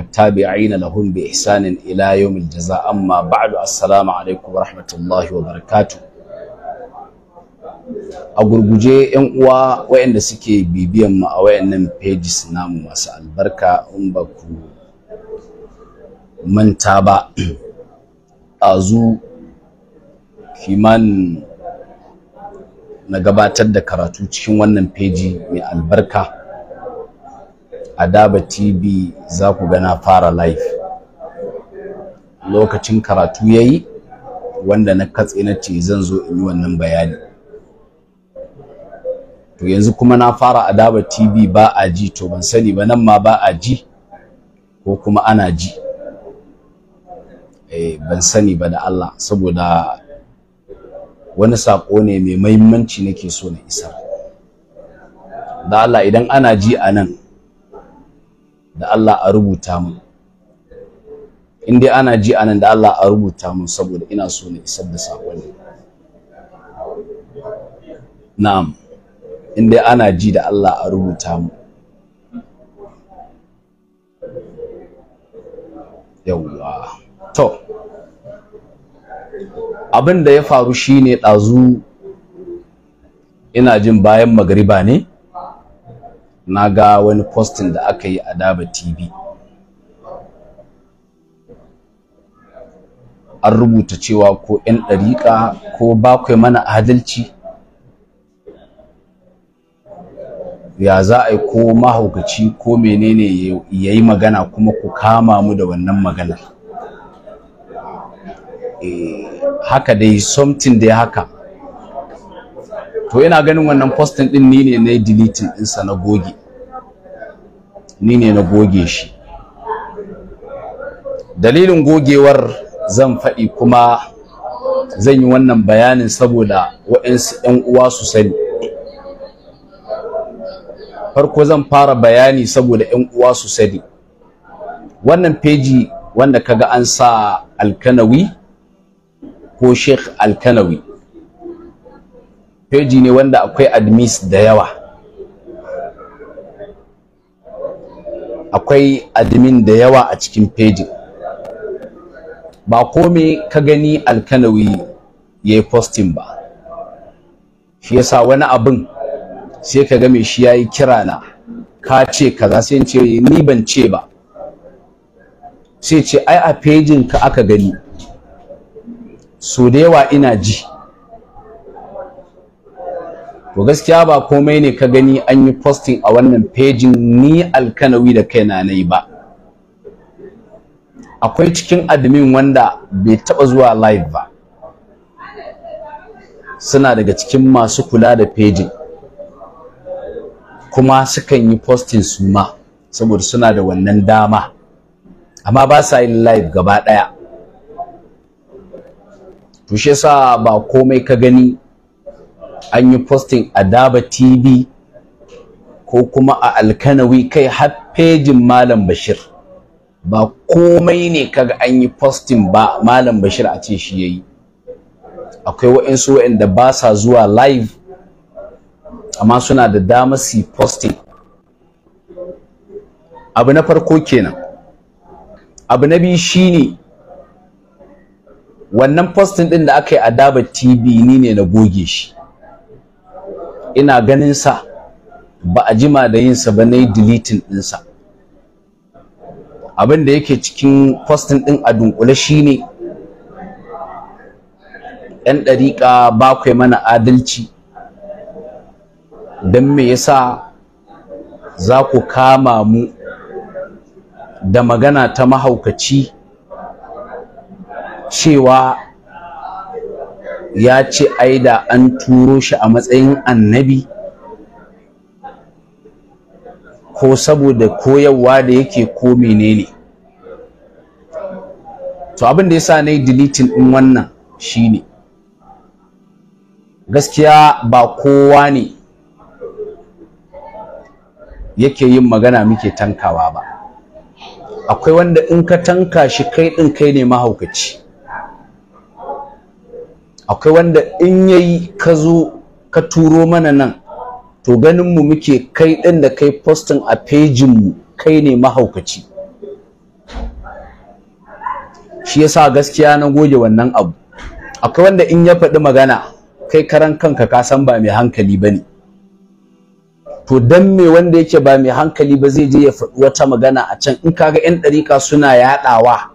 والتابعين لهم بإحسان إلى يوم الجزاء أما بعد السلام عليكم ورحمة الله وبركاته a gurguje yan uwa wayanda suke bibiyan mu a wayannan pages namu masu albarka in ba ku manta ba ɗazu kimanin na gabatar da karatu cikin wannan peji mai albarka adaba tv za ku ga na fara live lokacin karatu ya yi wanda na katse na ce zan zo in yi wannan bayani to yanzu kuma na fara adaba tv ba a ji to ban sani ba nan ma ba a ji ko kuma ana ji eh ban sani ba da Allah saboda wani sako ne mai mahimmanci nake so na isar da Allah idan ana ji a nan da Allah a rubuta mu in dai ana ji anan da Allah a rubuta mu saboda ina so na isar da sakonni na'am in dai ana ji da Allah a rubuta mu yawwa to abin da ya faru shine ɗazu ina jin bayan magariba ne na ga wani postin da aka yi a daba tv an rubuta cewa ko 'yan ɗariƙa ko bakwai mana adalci ya za a yi ko mahaukaci ko menene ya yi magana kuma ku kama mu da wannan magana? E, eh, haka dai something dai haka to yana ganin wannan postin din ni ne na deleting ɗinsa na goge ni ne na goge shi dalilin gogewar zan faɗi kuma zan yi wannan bayanin saboda waɗansu 'yan uwa su sani farko zan fara bayani saboda 'yan uwa su sani wannan feji wanda kaga an sa alkanawi ko sheikh alkanawi peji ne wanda akwai admis da yawa akwai admin da yawa a cikin pejin ba kome ka gani alkanawi ya yi postin ba shi yasa wani abin sai ka game shi ya yi kira na ka ce kaza sai ce ni ban ce ba sai ce ai a pejin ka aka gani so da yawa ina ji to gaskiya ba komai ne ka gani an yi posting a wannan pejin ni alkanawi da kaina na yi ba akwai cikin admin wanda bai taɓa zuwa live ba suna daga cikin masu kula da pejin kuma sukan yi posting su ma saboda suna da wannan dama amma ba sa yin live gaba ɗaya to shi yasa ba komai ka gani an yi posting a daba tv ko kuma a alkanawi kai har fejin malam bashir ba komai ne kaga an yi posting ba malam bashir a ce shi yayi akwai waɗansu waanda ba sa zuwa live amma suna da dama su posting abu na farko kenan abu na biyu shine wannan posting din da aka yi a daba tv ni ne na goge shi ina ganin sa ba a jima da yin sa ba na yi deleting ɗinsa abin da yake cikin postin ɗin a dunkule shine ‘yan ɗariƙa ba kai mana adalci don me yasa za ku kama mu da magana ta mahaukaci cewa ya ce ai da an turo shi a matsayin annabi ko saboda koyarwa da yake ko menene to abin da yasa na yi deleting ɗin wannan shine gaskiya ba kowa ne yake yin magana muke tankawa ba akwai wanda in ka tanka shi kai ɗin kai ne mahaukaci akwai wanda in yayi ka zo ka turo mana nan to ganin mu muke kai ɗin da kai postin a pejin mu kai ne mahaukaci shi yasa gaskiya na goge wannan abu akwai wanda in ya faɗi magana kai karan kanka ka san ba mai hankali ba ne to dan me wanda yake ba mai hankali ba zai je ya faɗi wata magana a can in kaga 'yan ɗarika suna yaɗawa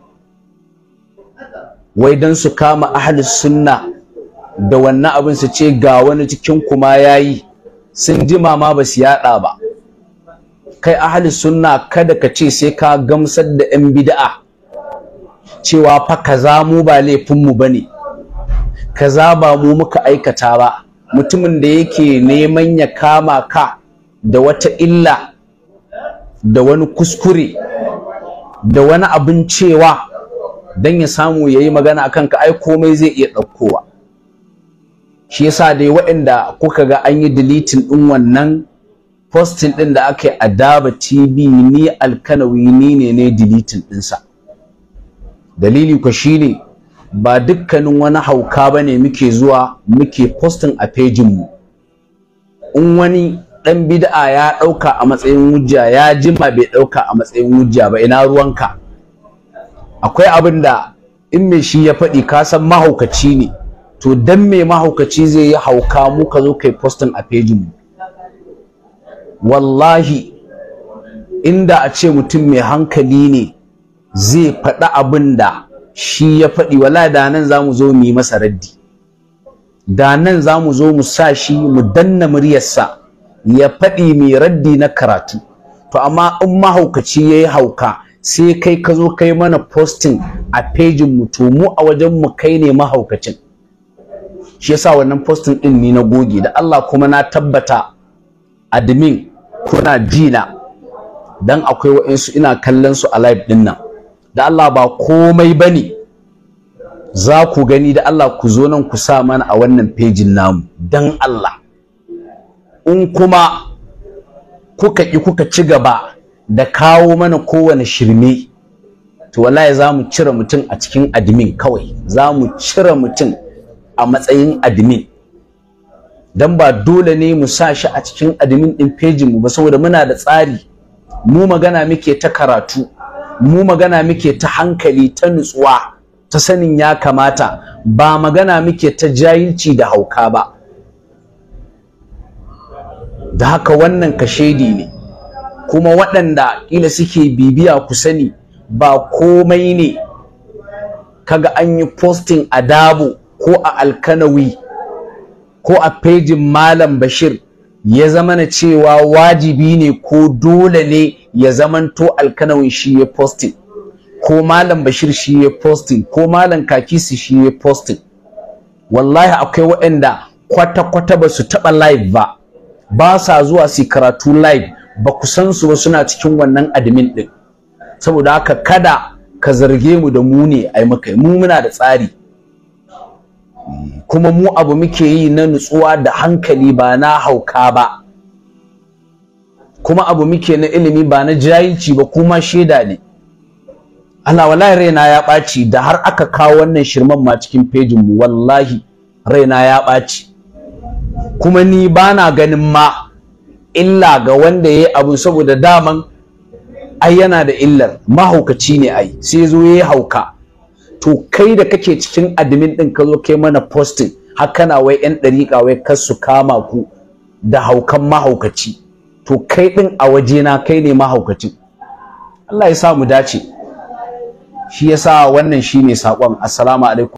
wai don su kama ahli sunna da wannan abin su ce ga wani cikin kuma yayi sun jima ma ba su yada ba kai ahli sunna kada ka ce sai ka gamsar da yan bid'a cewa fa kaza mu ba laifin mu bane kaza ba mu muka aikata ba mutumin da yake neman ya kama ka da wata illa da wani kuskure da wani abin cewa don ya samu ya yi magana akan ka ai komai zai iya ɗaukowa shi yasa dai waɗanda kuka ga an yi deleting ɗin wannan posting ɗin da aka yi a daba tv ni alkanawi ni ne ne deleting ɗinsa dalili ku ne ba dukkanin wani hauka ba ne muke zuwa muke posting a mu in wani ɗan bid'a ya ɗauka a matsayin hujja ya jima bai ɗauka a matsayin hujja ba ina ruwanka akwai abin da in mai shi ya faɗi ka san mahaukaci ne to dan me mahaukaci zai yi hauka mu ka zo kai postin a pejin mu wallahi inda a ce mutum mai hankali ne zai faɗi abin da shi ya faɗi wala da nan za mu zo mu yi masa raddi da nan za mu zo mu sa shi mu danna muryarsa ya faɗi mai raddi na karatu to amma in mahaukaci ya yi hauka sai kai ka zo kai mana posting a pejin mu to mu a wajen mu kai ne mahaukacin shi yasa wannan posting din ni na goge da Allah kuma na tabbata admin kuna jina dan akwai wa'ansu ina kallon su a live din nan da Allah ba komai bane za ku gani da Allah ku zo nan ku sa mana a wannan pejin namu dan Allah in kuma kuka ki kuka ci gaba da kawo mana kowane shirme to wallahi za mu cire mutum a cikin admin kawai za mu cire mutum a matsayin admin don ba dole ne mu sa shi a cikin admin ɗin pejin mu ba saboda muna da tsari mu magana muke ta karatu mu magana muke ta hankali ta nutsuwa ta sanin ya kamata ba magana muke ta jahilci da hauka ba da haka wannan kashedi ne kuma waɗanda ƙila suke bibiya ku sani ba komai ne kaga an yi posting a ko a alkanawi ko a pejin malam bashir ya zama na cewa wajibi ne ko dole ne ya zamanto alkanawin shi ya postin ko malam bashir shi ya postin ko malam kakisi shi ya postin wallahi akwai waɗanda kwata-kwata ba su taɓa live ba ba sa zuwa su karatu live ba ku san su ba suna cikin wannan admin ɗin saboda haka kada ka zarge mu da mu ne ai maka mu muna da tsari kuma mu abu muke yi na nutsuwa da hankali ba na hauka ba kuma abu muke na ilimi ba na jayici ba kuma shaida ne Allah wallahi raina ya ɓaci da har aka kawo wannan shirman ma cikin fejin mu wallahi raina ya ɓaci kuma ni ba na ganin ma illa ga wanda ya yi abu saboda daman ai yana da illar mahaukaci ne ai sai zo ya yi hauka to kai da kake cikin admin din ka zo kai mana posting har kana wai yan dariƙa wai kar su kama ku da haukan mahaukaci to kai din a waje na, kai ne mahaukaci Allah ya sa mu dace shi yasa wannan shine sakon assalamu alaikum